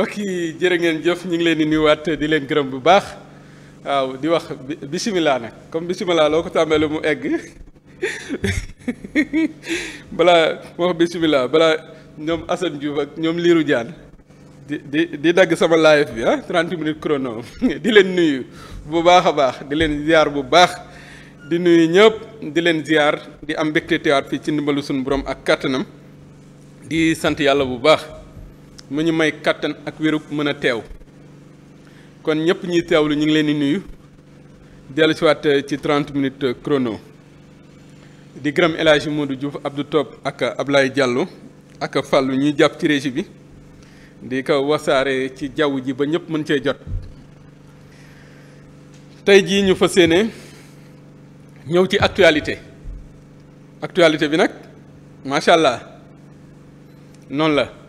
mbokk yi jërë ngeen jëf ñu ngi leen di nuyuwaat di leen gërëm bu baax waaw di wax bisimilah nag comme bisimilah loo ko tàmbalee mu egg balaa wax bisimilah balaa ñoom Assane Diouf ak ñoom liiru Diane di di di dagg sama live bi ah trent minutes chrono di leen nuyu bu baax a baax di leen ziar bu baax di nuyu ñëpp di leen ziar di am mbégte teewaat fii ci ndimbalu suñu borom ak kattanam di sant yàlla bu baax. mu ñu may kattan ak wérug mën a teew kon ñëpp ñuy teewlu ñu ngi leen di nuyu dellu siwaat eh, ci 30 minutes eh, crono di gërëm El Hadji Modou Diouf Abdou Top ak Ablaye Diallo ak Fallou ñuy jàpp ci régie bi di ko wasaare ci jaww ji ba ñëpp mën cee jot tey jii ñu fas yéene ñëw ci actualité actualité bi nag macha allah noonu la.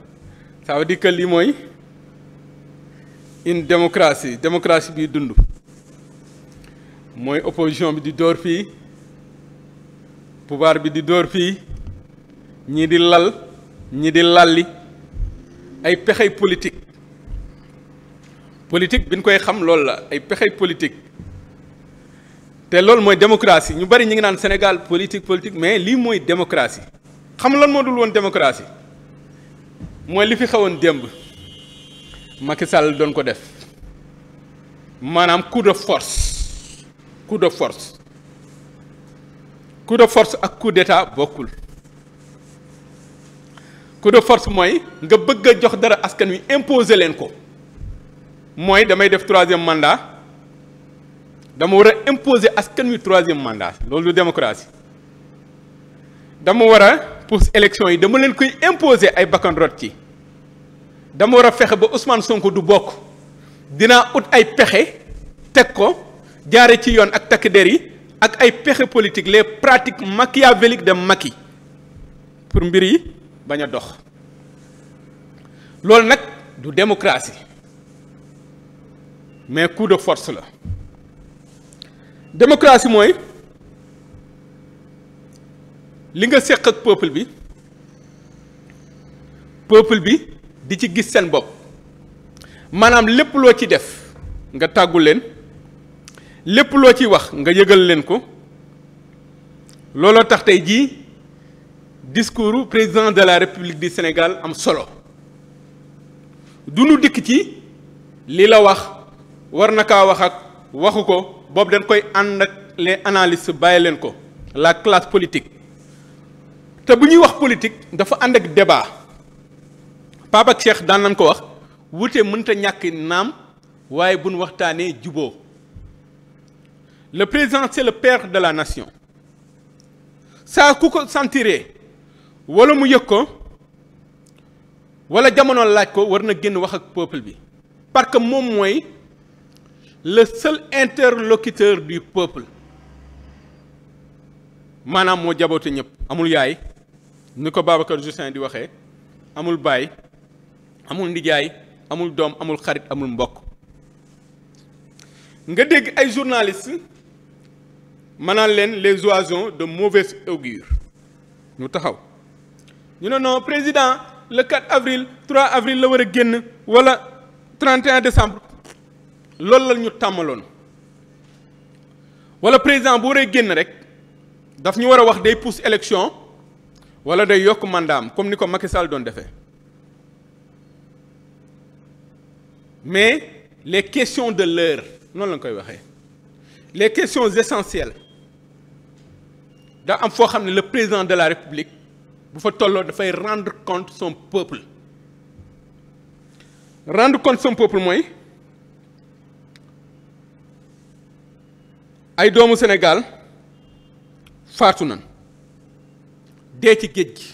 ça veut dire lii mooy une démocratie démocratie bii dund mooy opposition bi di dóor fii pouvoir bi di dóor fii ñii di lal ñii di lalli ay pexey politique politique bi ñu koy xam loolu la ay pexey politique te loolu mooy démocratie ñu bari ñu ngi naan Sénégal politique politique mais lii mooy démocratie xam lan moo dul woon démocratie mooy li fi xewoon démb Macky Sall doon ko def maanaam coup de force coup de force coup force ak coup d'état bokkul coup de force mooy nga bëgg a jox dara askan wi imposer leen ko mooy damay def troisième mandat dama war a imposer askan wi troisième mandat loolu démocratie dama war pour élection yi dama leen koy imposer ay bakkan rot ci dama war a fexe ba Ousmane Sonko du bokk dinaa ut ay pexe teg ko jaare ci yoon ak takk der yi ak ay pexe politique les pratiques machiavéliques de Macky pour mbir yi bañ a dox loolu nag du démocratie mais coup de force la démocratie mooy li nga séq ak peuple bi peuple bi di ci gis seen bopp maanaam lépp loo ci def nga tàggu leen lépp loo ci wax nga yëgal leen ko looloo tax tey jii discours président de la république di Sénégal am solo du nu dikk ci li la wax war na kaa wax ak waxu ko boobu dañ koy ànd ak les analystes bàyyi leen ko la classe politique te bu ñuy wax politique dafa ànd ak débat Pape ak Cheikh daan nañ ko wax wute mënta ñàkk naam waaye buñ waxtaanee juboo le président c'est le père de la nation saa ku ko sentiree wala mu yëg ko wala jamono laaj ko war na génn wax ak peuple bi parce que moom mooy le seul interlocuteur du peuple maanaam moo jaboote ñëpp amul yaay ni ko Babacar Justin di waxee amul baay amul ndijaay amul doom amul xarit amul mbokk nga dégg ay journalistes maanaam leen les oisons de mauvaise augure ñu taxaw ñu ne non président le 4 avril 3 avril la war a génn wala 31 décembre loolu la ñu tàmmaloon wala président bu waree génn rek daf ñu war a wax day pousse élection wala day yokk mandaam comme ni ko Macky Sall doon defe mais les questions de leur noonu la nga koy waxee les questions essentielles daa am foo xam ne le président de la République bu fa tolloo dafay rendre compte son peuple rendre compte son peuple mooy ay doomu Sénégal faatu na dee ci géej gi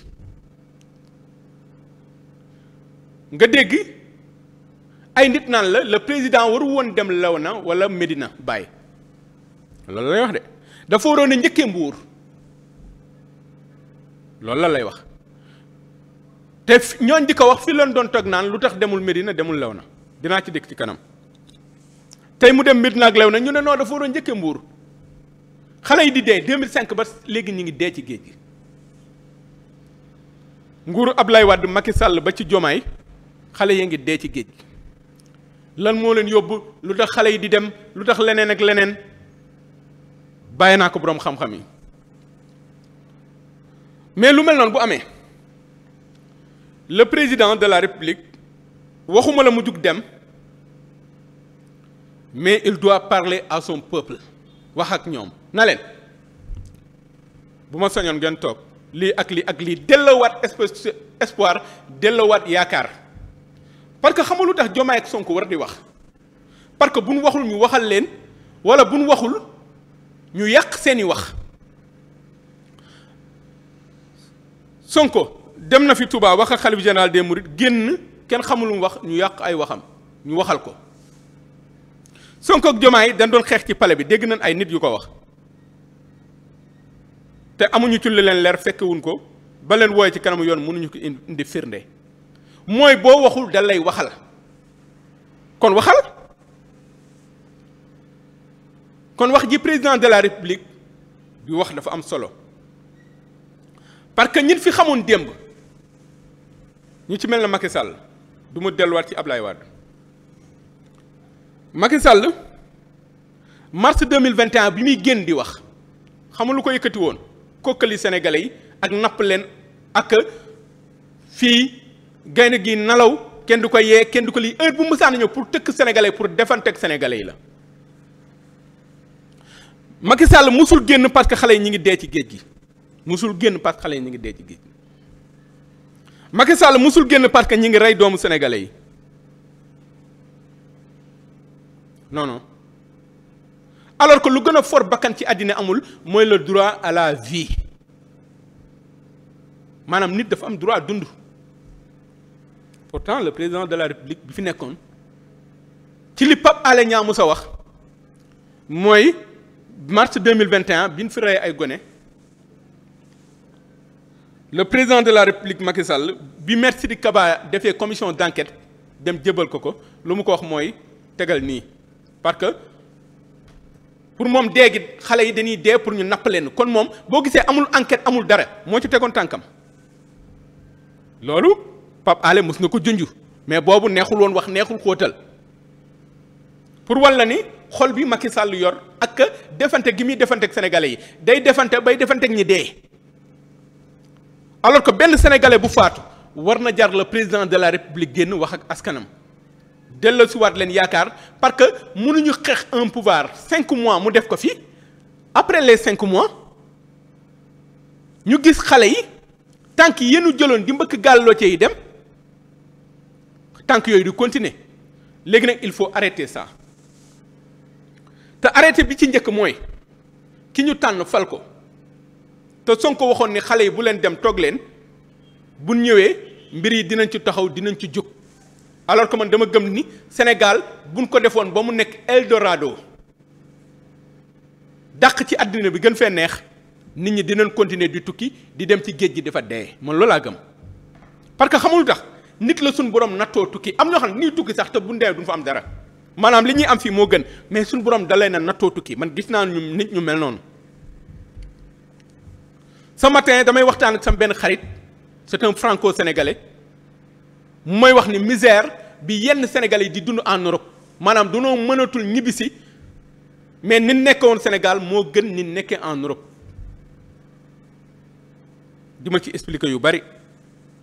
nga dégg ay nit naan la la président waru woon dem Léona wala Médina Baye loolu lay wax de dafa waroon a njëkkee Mbuur loolu la lay wax te ñooñ di ko wax fi leen doon toog naan lu tax demul Médina demul na dinaa ci dikk ci kanam tey mu dem Médina ak Léona ñu ne non dafa waroon njëkkee Mbuur xale yi di dee 2005 ba léegi ñu ngi dee ci géej gi. nguuru Ablaye Wade Macky sàll ba ci Jomaay xale ya ngi dee ci géej lan moo leen yóbbu lu tax xale yi di dem lu tax leneen ak leneen bàyyi naa ko boroom xam-xam yi mais lu mel noonu bu amee le président de la république waxuma la mu jug dem mais il doit parler à son wax ak ñoom na leen bu ma sañoon ngeen toog. lii ak lii ak lii delloowaat espèce espoir delloowaat yaakaar parce que xamalu tax Diomaye ak Sonko war di wax parce que bu nu waxul ñu waxal leen wala bu nu waxul ñu yàq seeni wax Sonko dem na fi Touba wax ak xalif général des Mourides génn kenn xamulum wax ñu yàq ay waxam ñu waxal ko Sonko ak Diomaye dañ doon xeex ci pale bi dégg nañ ay nit yu ko wax te amuñu ci leen leer fekkewuñ ko baleen leen wooye ci kanamu yoon mënuñu ko indi firnde mooy boo waxul da lay waxal kon waxal kon wax ji président de la république yu wax dafa am solo parce que ñin fi xamoon démb ñu ci mel na Macky duma delluwaat ci Ablaye Wade Macky Sall mars mille vingt et bi muy génn di wax xamul lu ko yëkkati woon. kokkali sénégalais yi ak napp leen ak fii gaynde gi nelaw kenn du ko yee kenn du ko lii heure bu mësaan ñëw pour tëkk sénégalais pour defante ak sénégalais yi la Macky Sall musul génn parce que xale yi ñu ngi dee ci géej gi musul génn parce xale yi ñu ngi dee ci gi Macky Sall musul génn parce que ñu ngi rey doomu sénégalais yi non alors que lu gën a fort bakkan ci àddina amul mooy le droit à la vie maanaam nit dafa am droit dund pourtant le président de la république bi fi nekkoon ci li Pape Alé Niang sa wax mooy mars 2021 bi ñu fi rey ay gone le président de la république Macky Sall bi maître Sidiki Kaba defee commission d'enquête dem jëbal ko ko lu mu ko wax mooy tegal nii parce pour moom dee gi xale yi dañuy dee pour ñu napp leen kon moom boo gisee amul enquête amul dara moo ci tegoon tànkam loolu Pape Alé mos na ko junj mais boobu neexul woon wax neexul xóotal pour walla ni xol bi Macky Sall yor ak defante gi muy defante ak sénégalais yi day defante bay defante ak ñi dee alors ko benn sénégalais bu faatu war na jar le président de la république génn wax ak askanam. delloosiwaat leen yaakaar parce que mënuñu xeex en pouvair cinq mois mu def ko fi après les cinq mois ñu gis xale yi tànk yenu jëloon di mbëkk gàlloo yi dem tànk yooyu du continuer léegi nag il faut arrêter ça te arrêté bi ci njëkk mooy ki ñu tànn fal ko te soon ko waxoon ni xale yi bu leen dem toog leen bu ñëwee mbir yi dinañ ci taxaw dinañ ci jóg alors que man dama gëm ni Sénégal buñ ko defoon ba mu nekk Eldorado dàq ci àddina bi gën fee neex nit ñi dinañ continuer di tukki di dem ci géej gi dafa dee man loolaa gëm parce que xamul tax nit la suñ borom nattoo tukki am ñoo xam nii tukki sax te buñ fa am dara maanaam li am fii moo gën mais suñ borom dalay na nattoo tukki man gis naa ñu nit ñu mel noonu ce matin damay waxtaan ak sama benn xarit c'est un franco-sénégalais mooy wax ni misère bi yenn Sénégalais yi di dund en Europe maanaam dunoo mënatul ñibbisi mais ni nekkoon Sénégal moo gën ni nekkee en Europe dima ci expliquer yu bari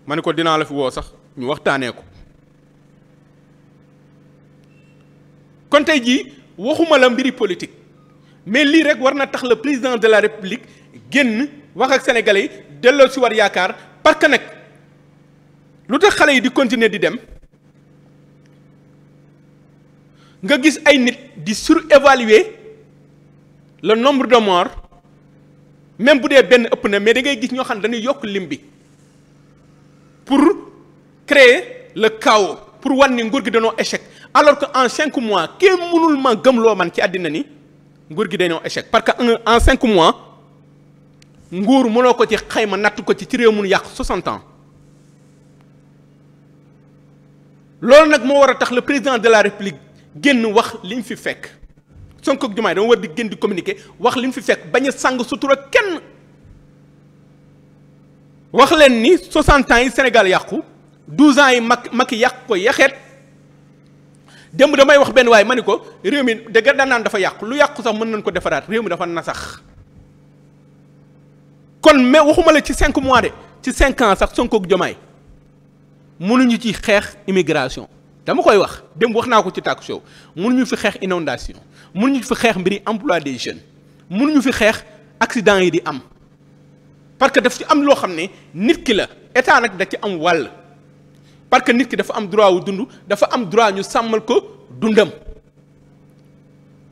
ma ne ko dinaa la fi woo sax ñu waxtaanee ko kon tey jii waxuma la mbiri politique mais lii rek war na tax le président de la république génn wax ak sénégalais yi delloo si war yaakaar parce que nag lu tax xale yi di continuer di dem nga gis ay nit di sur surévaluer le nombre de moire même bu dee benn ëpp na mais da ngay gis ñoo xam ne dañuy yokk lim bi pour créer la chaos pour wan ni nguur gi dañoo échec alors que en cinq mois kenn mënul ma gëm loo man ci àddina ni nguur gi dañoo échec parce que en cinq mois nguur mënoo ko ci xayma nattu ko ci ci réew mun yàq soixante ans loolu nag moo war a tax la président de la république génn wax li ñu fi fekk Sonko ak Diomaye dama war di génn di communiquer wax li ñu fi fekk bañ a sàng sutura kenn wax leen ni 60 ans yi Sénégal yàqu 12 ans yi mag mag yàq ko yaxeet démb damay wax benn waaye ma ni ko réew mi dëgg daan dafa yàqu lu yàqu sax mën nañ ko defaraat réew mi dafa sax kon mais waxuma la ci 5 mois de ci 5 ans sax Sonko ak Diomaye mënuñu ci xeex immigration dama koy wax dem wax naa ko ci tàkk show mënuñu fi xeex inondation mënuñu fi xeex mbiri emploi des jeunes mënuñu fi xeex accident yi di am parce que daf ci am loo xam ne nit ki la état nag da ci am wàll parce que nit ki dafa am droit wu dund dafa am droit ñu sàmmal ko dundam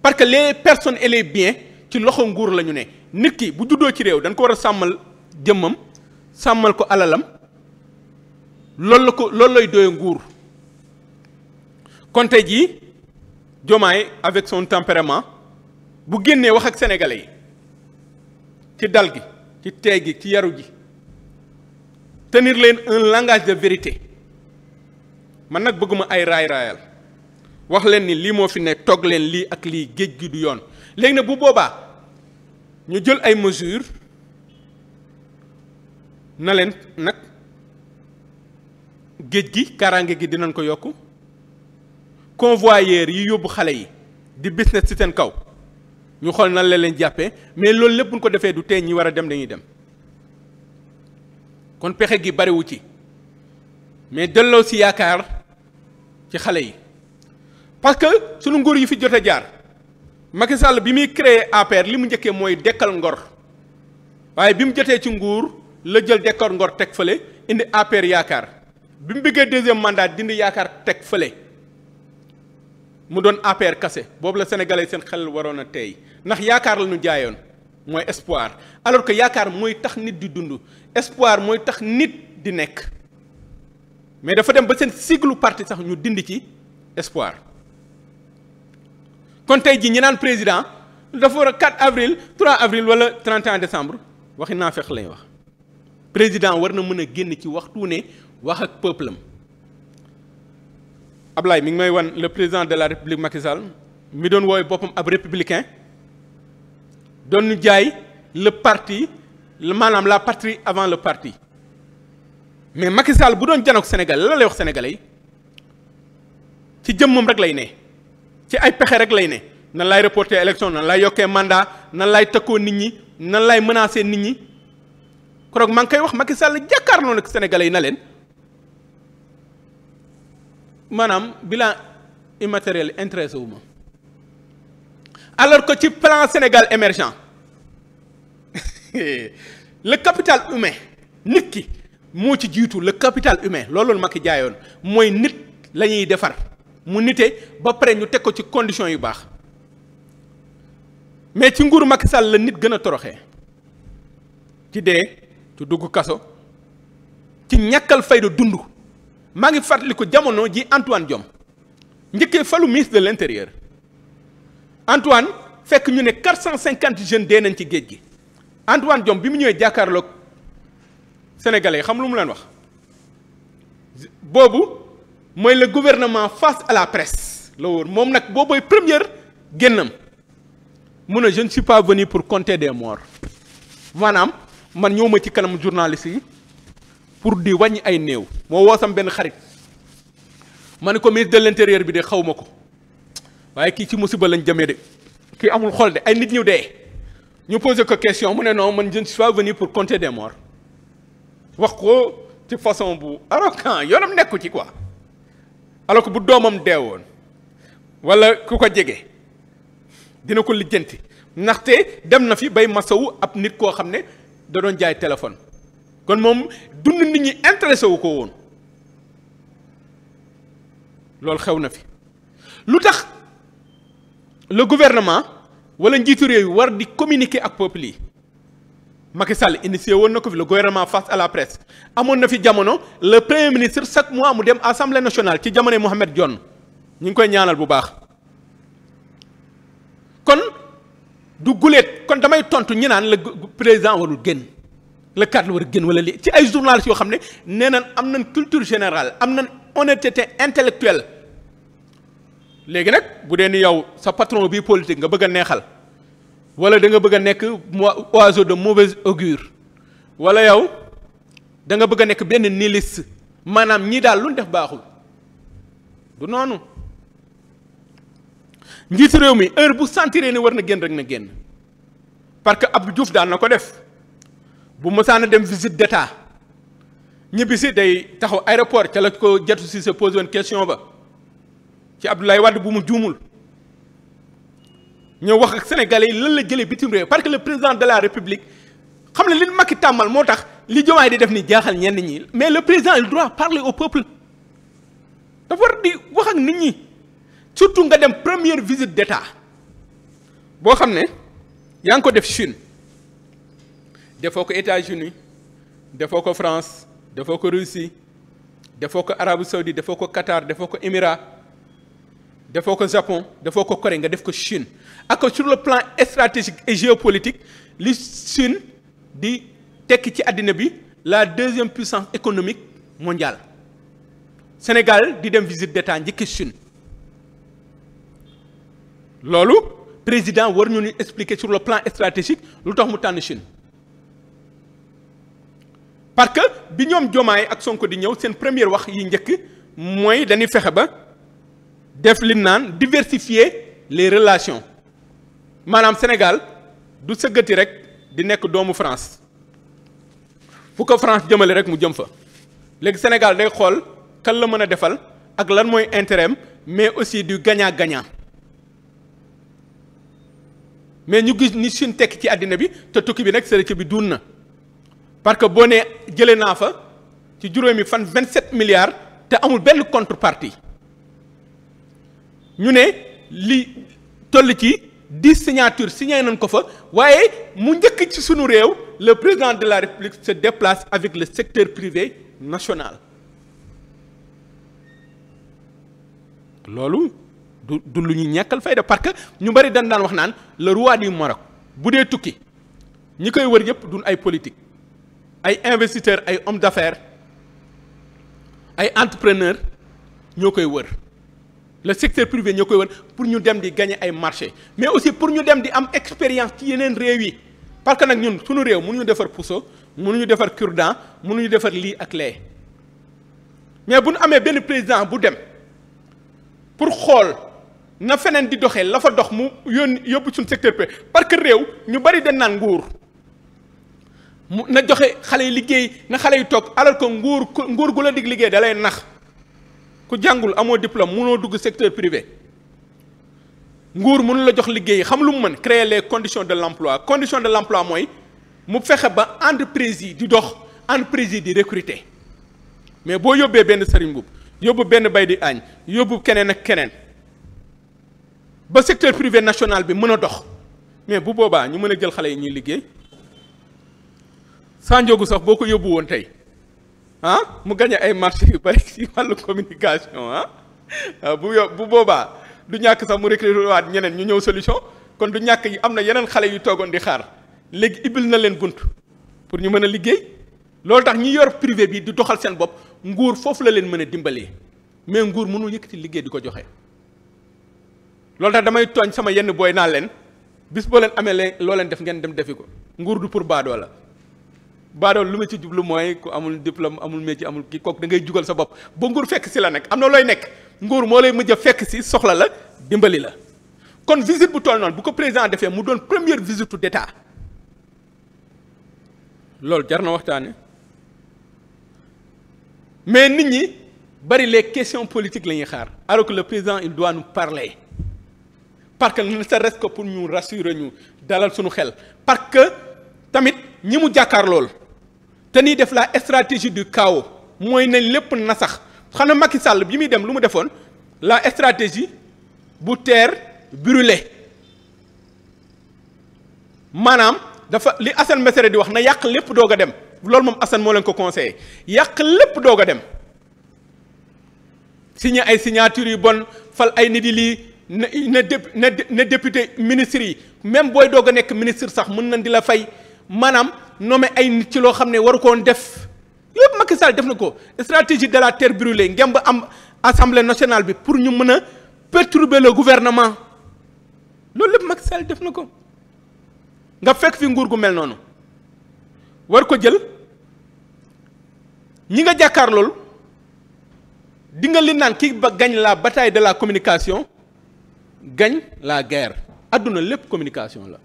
parce que les personnes et les biens ci loxo nguur la ñu ne nit ki bu juddoo ci réew dañ ko war a sàmmal jëmmam sàmmal ko alalam loolu la ko loolu lay doye nguur kon tey jii Diomaye avec son tempérament bu génnee wax ak sénégalais yi ci dal gi ci teey gi ci yaru gi tenir leen un langage de vérité man nag bëgguma ay raay raayal wax leen ni lii moo fi ne toog leen lii ak lii géej gi du yoon léegi nag bu boobaa ñu jël ay mesures na leen nag géej gi kaaraange gi dinañ ko yokk convoyeur yi yóbbu xale yi di business ci seen kaw ñu xool na la leen jàppee mais loolu lépp bu ko defee du tee ñi war a dem dañuy dem kon pexe gi bariwu ci mais delloo si yaakaar ci xale yi parce que sunu nguur yi fi jot jaar Macky Sall bi muy créer APR li mu njëkkee mooy dekkal ngor waaye bi mu jotee ci nguur la jël dekkal ngor teg fële indi APR yaakaar. bi mu bëggee deuxième mandat dindi yaakaar teg fële mu doon APR kase boobu la sénégalais seen xel waroon a tey ndax yaakaar la jaayoon mooy espoir alors que yaakaar mooy tax nit di dund espoir mooy tax nit di nekk mais dafa dem ba seen cycle parti sax ñu dindi ci espoir kon tey ji ñi naan président dafa war a 4 avril 3 avril wala 31 décembre waxi naa fex lañ wax président war na mën a génn ci waxtu ne wax ak peuple am Ablaye mi ngi may wan le président de la république Macky Sall mi doon wooy boppam ab républicain doon ñu jaay le parti maanaam la patrie avant le parti mais Macky Sall bu doon janook Sénégal la lay wax sénégalais yi ci jëmmam rek lay ne ci ay pexe rek lay ne nan lay reporter élection nan lay yokkee mandat nan laay tëkkoo nit ñi nan laay menacer nit ñi keroog maa ngi koy wax Macky Sall jàkkaarloo nag sénégalais yi na leen. maanaam bilan immatériel intéressé wu ma alors ci plan Sénégal émergent le capital humain nit ki moo ci jiitu la capital humain loolu ma ki jaayoon mooy nit la ñuy defar mu nite ba pare ñu teg ko ci conditions yu baax mais ci nguuru Macky Sall la nit gën a toroxee ci dee ci dugg kaso ci ñàkkal fayda dund maa ngi fàttaliku jamono ji Antoine Diome njëkkee falu ministre de l'intérieur Antoine fekk ñu ne 450 jeunes dee nañ ci géej gi Antoine Diome bi mu ñëwee jàkkaarloog sénégalais yi xam lu mu leen wax boobu mooy le gouvernement face à la presse la woon moom nag boobooy première génnam mu ne je ne suis pas venu pour compter des morts maanaam man ñëw ma ci kanam journaliste yi. pour di wàññi ay néew moo woosam benn xarit ma ne ko ministre de l'intérieur bi de xaw ko waaye kii ci musiba lañ jëmee de kii amul xool de ay nit ñu dee ñu posé ko question mu ne non man je ne suis pas venu pour compter de morts wax ko ci façon bu arrogant yoonam nekku ci quoi alors bu doomam deewoon walla ku ko jege dina ko lijjanti ndaxte dem na fi bay masawu ab nit koo xam ne da doon jaay téléphone. kon moom dund nit ñi intéressé wu ko woon loolu xew na fi lu tax le gouvernement wala njiitu réew yi war di communiqué ak peuple yi Macky Sall initié woon na ko fi la gouvernement face à la presse amoon na fi jamono le premier ministre chaque mois mu dem assemblée nationale ci jamonoy Mohamed Dionne ñu ngi koy ñaanal bu baax kon du guléet kon damay tontu ñi naan la président warul génn. le cadre la war a génn wala lii ci ay journalistes yoo xam ne nee nañ am nañ culture général am na honnêteté intellectuelle léegi nag bu dee ni yow sa patron bi politique nga bëgg a neexal wala da nga bëgg a nekk oiseau de mauvaise augure wala yow da bëgg nekk benn nihiliste maanaam ñii daal lu def baaxul du noonu njiitu réew mi heure bu sentir ni war na génn rek na génn parce que ab Diouf daan na ko def. bu mësaan a dem visite d'état ñibbisi day taxaw aéroport ca la ko jatu si sa pose woon question ba ci Abdoulaye Wade bu mu juumul ñëw wax ak sénégalais yi lan la jëlee bitim réew parce que le président de la république xam ne li nu Macky tàmmal moo tax li Diomaye di def ni jaaxal ñenn ñi mais le président il doit parler au peuple dafa war di wax ak nit ñi surtout nga dem première visite d'état boo xam ne yaa ngi ko def Chine defoo ko États-Unis defoo ko France defoo ko Russie defoo ko Arabie Saoudite defoo ko Qatar defoo ko Émirats defoo ko Japon defoo ko Corée nga def ko Chine ak sur le plan stratégique et géopolitique li Chine di tekki ci àddina bi la deuxième puissance économique mondiale Sénégal di dem visite d'état njëkki Chine loolu président war ñu ni expliquer sur le plan stratégique lu tax mu tànn Chine parce que bi ñoom Diomaye ak Sonko di ñëw seen première wax yi njëkk mooy dañuy fexe ba def li naan diversifier les relations maanaam Sénégal du sëggati rek di nekk doomu France fu ko France jëmale rek mu jëm fa léegi Sénégal day xool kan la mën a defal ak lan mooy intérêt am mais aussi du gagnant-gagnant mais ñu gis ni suñ tekk ci àddina bi te tukki bi nag sërëcë bi duun na parce que boo nee jëlee naa fa ci juróomi fan vingt 27 milliards te amul benn contrepartie ñu ne li toll ci di signature signé nañ ko fa waaye mu njëkk ci sunu réew le président de la république se déplace avec le secteur privé national loolu du du lu ñu ñàkkal fayda parce que ñu bari dañ daan wax naan le roi du Maroc bu dee tukki ñi koy wër yëpp duñ ay politique ay investisseurs ay hommes d'affaires ay entrepreneurs ñoo koy wër le secteur privé ñoo koy wër pour ñu dem di gagner ay marché mais aussi pour ñu dem di am expérience ci yeneen réew yi parce nag ñun suñu réew mu ñu defar puso mënuñu defar cure-dent mënuñu defar lii ak lee mais bu ñu amee benn président bu dem pour xool na feneen di doxee lafa dox mu yónni yóbbu suñu secteur privé parce que réew ñu bari dañ naan nguur. mu na joxe xale yi liggéey na xale yi toog alors que nguur nguur gu la dig liggéey dalay nax ku jàngul amoo diplôme munoo dugg secteur privé nguur mënu la jox liggéey xam lu mu mën créer les conditions de l'emploi condition de l'emploi mooy mu fexe ba entreprise yi di dox entreprise yi di recruter mais boo yóbbee benn sëriñ boobu yóbbu benn bay di añ yóbbu keneen ak keneen ba secteur privé national bi mën a dox mais bu boobaa ñu mën a jël xale yi ñuy liggéey Sanjogu sax boo ko yóbbu woon tey ah mu gañe ay marché yu bari ci wàllu communication ah. ah bu yo bu boobaa du ñàkk sax mu recruter waat ñeneen ñu ñëw solution kon du ñàkk yi am na yeneen xale yu toogoon di xaar léegi ibbil na leen bunt pour ñu mën a liggéey loolu tax ñi yor privé bi di doxal seen bopp nguur foofu la leen mën a dimbalee mais nguur mënul yëkkati liggéey di ko joxe loolu tax damay tooñ sama yenn booy naa leen bis boo leen amee loo leen def ngeen dem defi ko nguur du pour baadoo la baadool lu ma ci jublu mooy ku amul diplôme amul métier amul kii kooku dangay jugal sa bopp ba nguur fekk si la nag am na looy nekk nguur moo lay mujj a fekk si soxla la dimbali la kon visite bu toll noonu bu ko président defee mu doon première visite d'État loolu jar na waxtaane mais nit ñi bari les questions politiques la ñuy xaar alors que le président il doit nous parler parce que ne serait-ce pour ñu rassurer ñu dalal suñu xel parce que tamit ñi mu jàkkaar te dañuy def la stratégie du chaos mooy nañ lépp na nasax xanaa Macky sàll bi muy dem lu mu defoon la stratégie bu terre brûlée maanaam dafa li Assane Mesere di wax na yàq lépp doog a dem loolu moom Assane moo leen ko conseillé yàq lépp doog a dem signé ay signature yu bon fal ay nit yi lii na na na na député ministre yi même booy doog a nekk ministre sax mën nañ di la fay maanaam. nommé ay nit ci loo xam ne waru koon woon def yëpp Macky Sall def na ko stratégie de la terre brûlée ngem ba am assemblée nationale bi pour ñu mën a perturber la gouvernement loolu lépp Macky Sall def na ko nga fekk fi nguur gu mel noonu war ko jël ñi nga jàkkaar loolu di nga li naan ki ba gañ la bataille de la communication gañ la guerre àdduna lépp communication la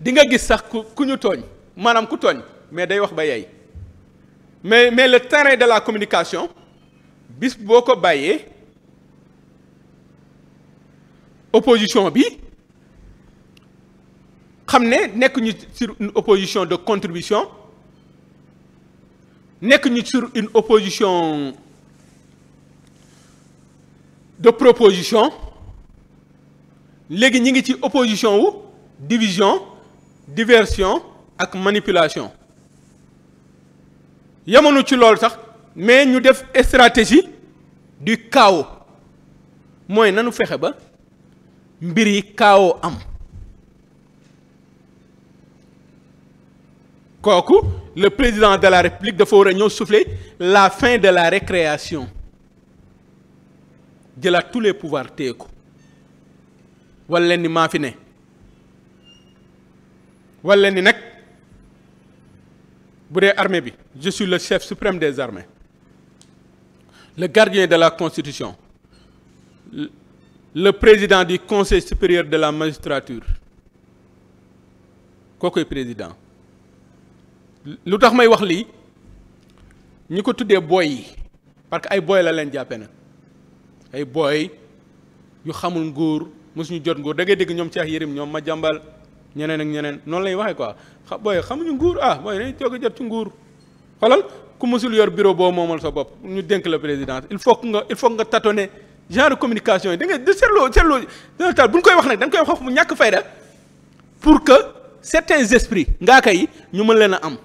di nga gis sax ku ku ñu tooñ maanaam ku tooñ mais day wax ba yey mais mais le terrain de la communication bis boo ko bàyyee opposition bi xam ne nekk ñu sur une opposition de contribution nekk ñu sur une opposition de proposition léegi ñi ngi ci opposition wu division diversion ak manipulation yamanu ci loolu sax mais ñu def stratégie du chaos mooy nanu fexe ba mbir yi chaos am kooku le président de la république dafa war a ñëw souffler la fin de la récréation jëlaat tous les pouvoirs téye ko leen ni maa fi ne wala ni nag bu dee armée bi je suis le chef suprême des armées le gardien de la constitution le président du conseil supérieur de la magistrature kookoy président lu tax may wax lii ñi ko tuddee booy yi parce que ay booy la leen jàppe na ay booy yu xamul nguur mosuñu jot nguur da ngay dégg ñoom Cheikh Yérim ñoom ma jàmbal ñeneen ak ñeneen noonu lay waxee quoi xa booy xamuñu nguur ah booy dañuy toog a jot ci nguur xoolal ku mësul yor bureau boo moomal sa bopp ñu dénk la présidence il faut que nga il faut nga tâtonner genre communication yi da ngay seetloo seetloo daal bu ñu koy wax nag dañ koy wax mu ñàkk fayda pour que certains esprits ngaa kay ñu mën leen a am.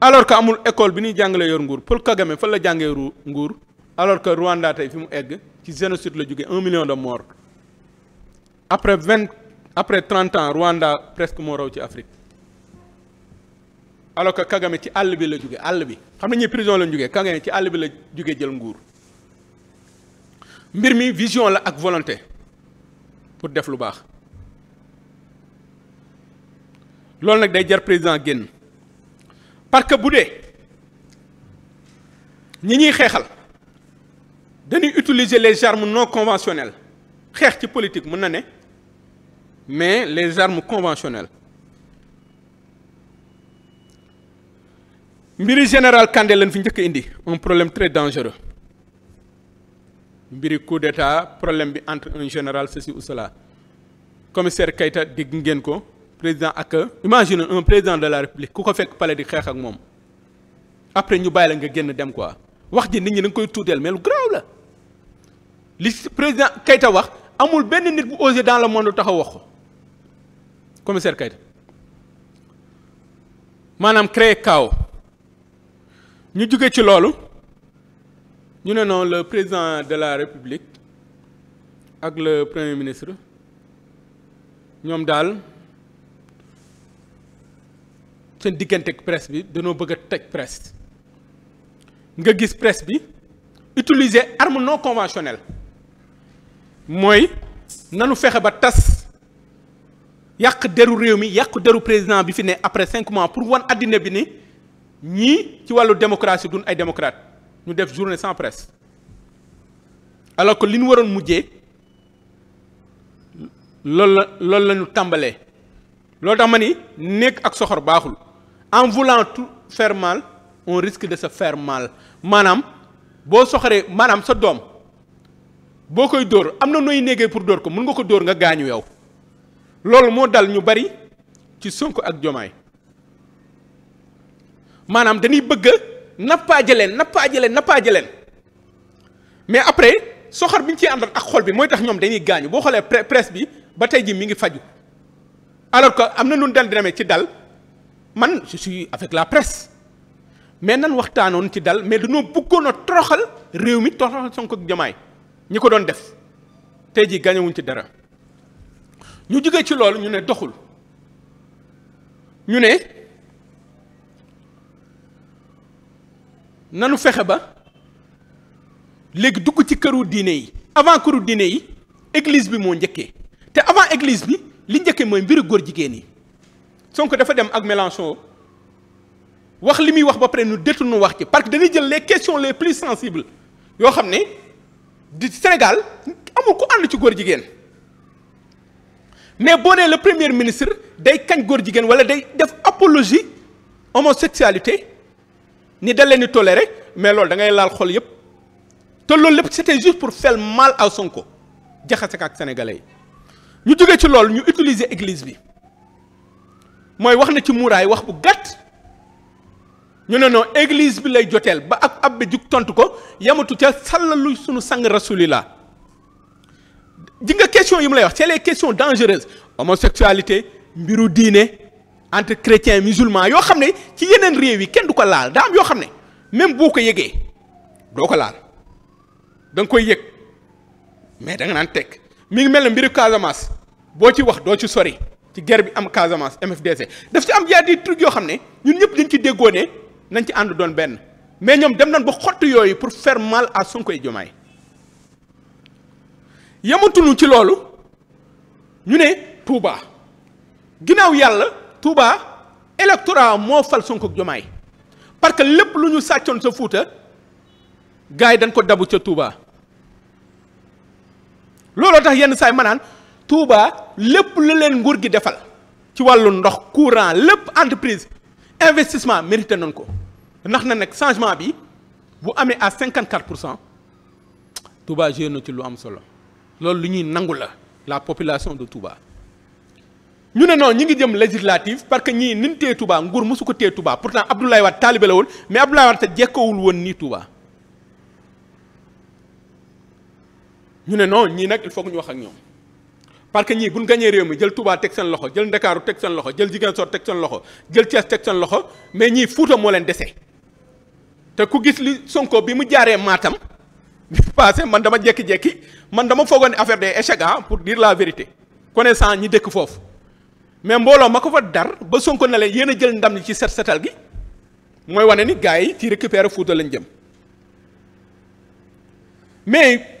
alors que amul école bi ñuy jàngalee yor nguur Paul Kagame fa la jàngee ru nguur alors que Rwanda tey fi mu egg ci génocide la jóge un million de morts. après vingt après trente ans Rwanda presque moo raw ci Afrique alors que Kagame ci àll bi la jóge àll bi xam nañu prison la jógee Kagame ci àll bi la jóge jël nguur mbir mi vision la ak volonté pour def lu baax loolu nag day jar président génn parce que bu dee ñi ñuy xeexal dañuy utiliser les armes non conventionnelles xeex ci politique mën na ne. mais les armes conventionnelles mbiri général Kandé leen fi njëkk indi un problème très dangereux mbiri coup d'état problème bi entre un général ceci ou cela commissaire Keïta dégg ngeen ko président ak imagine un président de la république ku ko fekk palais di xeex ak moom après ñu bàyyi la nga génn dem koi wax ji nit ñi da koy tuuteel mais lu grave la li président Keïta wax amul benn nit bu osé dans le monde taxaw wax ko commissaire Keita maanaam créer chaos ñu jóge ci loolu ñu ne non le président de la république ak le premier ministre ñoom daal seen diggante ak bi dañoo bëgg a teg presse nga gis presse bi utiliser arme non conventionnelle mooy nanu fexe ba tas yàq deru réew mi yàq deru président bi fi ne après cinq mois pour wan àddina bi ni ñii ci wàllu démocratie duñ ay démocrate ñu def journée sans presse alors que li ñu waroon mujjee loolu la loolu la ñu tàmbalee loolu tax ma ni nekk ak soxor baaxul en voulant tout faire mal on risque de sa faire mal maanaam boo soxoree maanaam sa doom boo koy dóor am na nooy néegee pour dóor ko mun nga ko dóor nga gaañu yow. loolu moo dal ñu bari ci Sonko ak Jomaay maanaam dañuy bëgg a nappaaje leen nappaaje leen nappaaje leen mais après soxor bi ñu ciy àndal ak xol bi mooy tax ñoom dañuy gaañu boo xoolee presse bi ba tey ji mi ngi faju alors que am na lu dal di ci dal man je suis avec la presse mais nan waxtaanoon ci dal mais dañoo bëggoon a toroxal réew mi toroxal sonk ak Jomaay ñi ko doon def tey ji gaañuwuñ ci dara. ñu jóge ci loolu ñu ne doxul ñu ne nanu fexe ba léegi dugg ci këru diine yi avant këru diine yi église bi moo njëkkee te avant église bi li njëkkee mooy mbiru góor jigéen yi Sonko dafa dem ak Mélenchon wax li muy wax ba pare nu détournu wax ci parce que dañuy jël les questions les plus sensibles yoo xam ne di Sénégal amul ku ànd ci góor jigéen mais boo nee première premier ministre day kañ góor jigéen wala day def apologie homosexualité ni da leen di toléré mais loolu da ngay laal xol yëpp te loolu lépp te juste pour faire mal à Sonko jaxase ak sénégalais yi ñu jógee ci lool ñu utiliser église bi mooy wax na ci muuraay wax bu gàtt ñu ne non église bi lay joteel ba ak ab bi jug tontu ko yamatu ca sàllalu sunu sang rasulillah ji nga question yi mu lay wax c'est les questions dangereuses homosexualité mbiru diine entre chrétiens musulmans yoo xam ne ci yeneen réew yi kenn du ko laal daa am yoo xam ne même boo ko yégee doo ko laal da nga koy yëg mais da nga naan teg mi ngi mel ne mbiru Casamance boo ci wax doo ci sori ci guerre bi am Casamance MFDC daf ci am yaa di truc yoo xam ne ñun ñëpp dañ ci déggoone nañ ci ànd doon benn mais ñoom dem nañ ba xotti yooyu pour faire mal à Sonko et Diomaye yamatuñu ci loolu ñu ne Touba ginnaaw yàlla Touba électorat moo fal Sonko ak Jomaay parce que lépp lu ñu sàccoon sa Fuuta gars yi dañ ko dabu ca Touba looloo tax yenn saay manaan Touba lépp lu leen nguur gi defal ci wàllu ndox courant lépp entreprise investissement mérité nañ ko ndax na nag changement bi bu amee à 54 pour cent Touba génn ci lu am solo loolu lu ñuy nangu la la population de Touba ñu ne non ñu ngi jëm législative parce que ñii nin téye Touba nguur mosu ko téye tubaa pourtant Abdoulaye Wade taalibe la woon mais Abdoulaye Wade te jekkowul woon nii tubaa ñu ne non ñii nag il foog que ñu wax ak ñoom parce que ñii buñ gañee réew mi jël tubaa teg seen loxo jël Ndakaaru teg seen loxo jël Ziguinchor teg seen loxo jël Thiès teg seen loxo mais ñii Fuuta moo leen dese te ku gis li Sonko bi mu jaaree Matam bi man dama jekki man dama foogoon affaire de échecs ah pour dire la vérité connaissant ñi dëkk foofu mais mbooloo ma ko fa dar ba Sonko na leen yéen a jël ndam li ci set setal gi mooy wane ni gars yi ci récupérer Fouta lañ jëm mais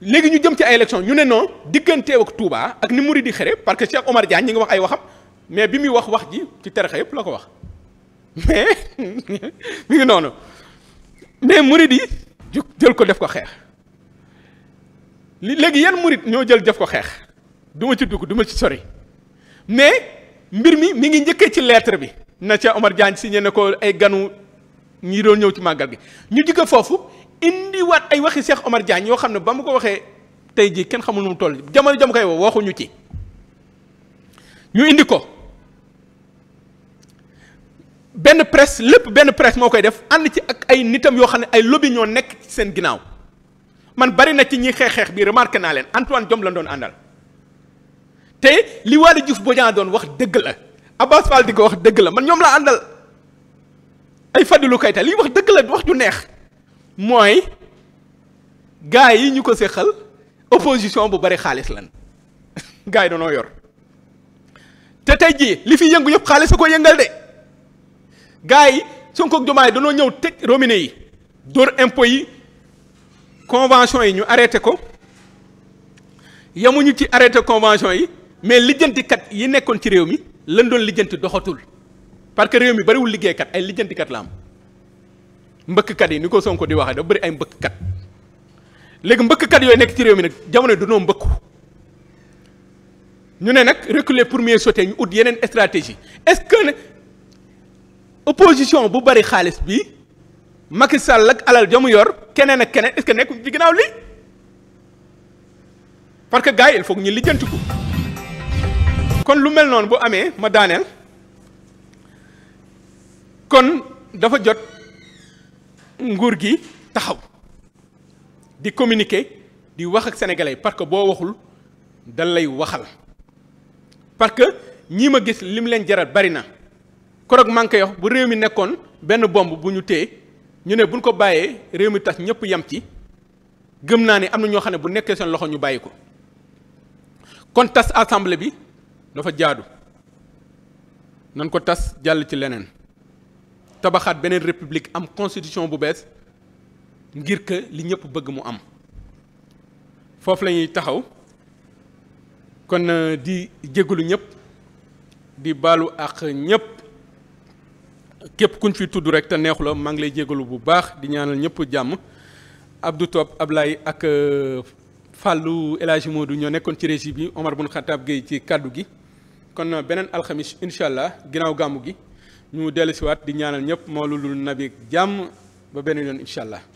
léegi ñu jëm ci ay élection ñu ne noonu digganteew ak Touba ak ni muri di xere parce que Cheikh Omar Diagne ñi ngi wax ay waxam mais bi muy wax wax ji ci tarixa yëpp la ko wax mais mi ngi noonu mais muri di jël ko def ko xeex li léegi yan murit ñoo jël jëf ko xeex du ma ci dugg du ci sori mais mbir mi mi ngi njëkkee ci lettre bi na ca Omar Diagne signé ne ko ay ganu ñi doon ñëw ci màggal gi ñu jikko foofu indiwaat ay waxi Cheikh Omar Diagne yoo xam ne ba mu ko waxee tey jii kenn xamul nu mu toll jamono jam koy woo waxuñu ci ñu indi ko benn presse lépp benn presse moo koy def ànd ci ak ay nitam yoo xam ne ay lobby ñoo nekk ci seen ginnaaw man bari na ci ñi xeex xeex bi remarqué naa leen Antoine Diome la doon àndal te li Waly Diouf Bodian doon wax dëgg la Abass Fall di ko wax dëgg la man ñoom la àndal ay Fadilou kayta li wax dëgg la wax ju neex mooy gars yi ñu ko séqal opposition bu bari xaalis lan gars yi dañoo yor te tey jii li fi yëngu yëpp xaalis a ko yëngal de gars yi Sonko ak Diomaye dañoo ñëw tëj romine yi dóor impôt yi convention yi ñu arrêté ko yemuñu ci arrêté convention yi mais lijjantikat yi nekkoon ci réew mi lan doon lijjanti doxatul parce que réew mi bariwul liggéeykat ay lijjantikat la am mbëkkkat yi ni ko Sonko di waxee dafa bëri ay mbëkkkat léegi mbëkkkat yooyu nekk ci réew mi nag jamono dunoo mbëkku ñu ne nag reculer pour mieux sauter ñu ut yeneen stratégie est-ce que ne opposition bu bari xaalis bi Macky Sall ak alal jamu yor keneen ak keneen est-ce que nekkul ci ginnaaw lii parce que gars yi il ñu lijjanti kon lu mel noonu bu amee ma daaneel kon dafa jot nguur gi taxaw di communiquer di wax ak sénégalais parce que boo waxul dal lay waxal parce que ñii ma gis li lim leen jaral bari na koroog manqué yox bu réew mi nekkoon benn bomb bu ñu téye. ñu ne buñ ko bàyyee réew mi tas ñëpp yam ci gëm naa ni am na ñoo xam ne bu nekkee seen loxo ñu bàyyi ko kon tas assemblée bi dafa jaadu nan ko tas jàll ci leneen tabaxaat beneen république am constitution bu bees ngir que li ñëpp bëgg mu am foofu lañuy taxaw kon euh, di jégalu ñëpp di balu ak ñëpp képp kuñ fi tudd rek te neexu la ngi lay jégalu bu baax di ñaanal ñëpp jàmm ab du toog ab lay ak euh, Fallou El moo du ñoo nekkoon ci régie bi Omar Bun Khattab Gueye ci kàddu gi kon euh, beneen alxamis incha allah ginnaaw gàmmu gi ñu dellu siwaat di ñaanal ñëpp moo lu lul nabi jàmm ba beneen yoon incha allah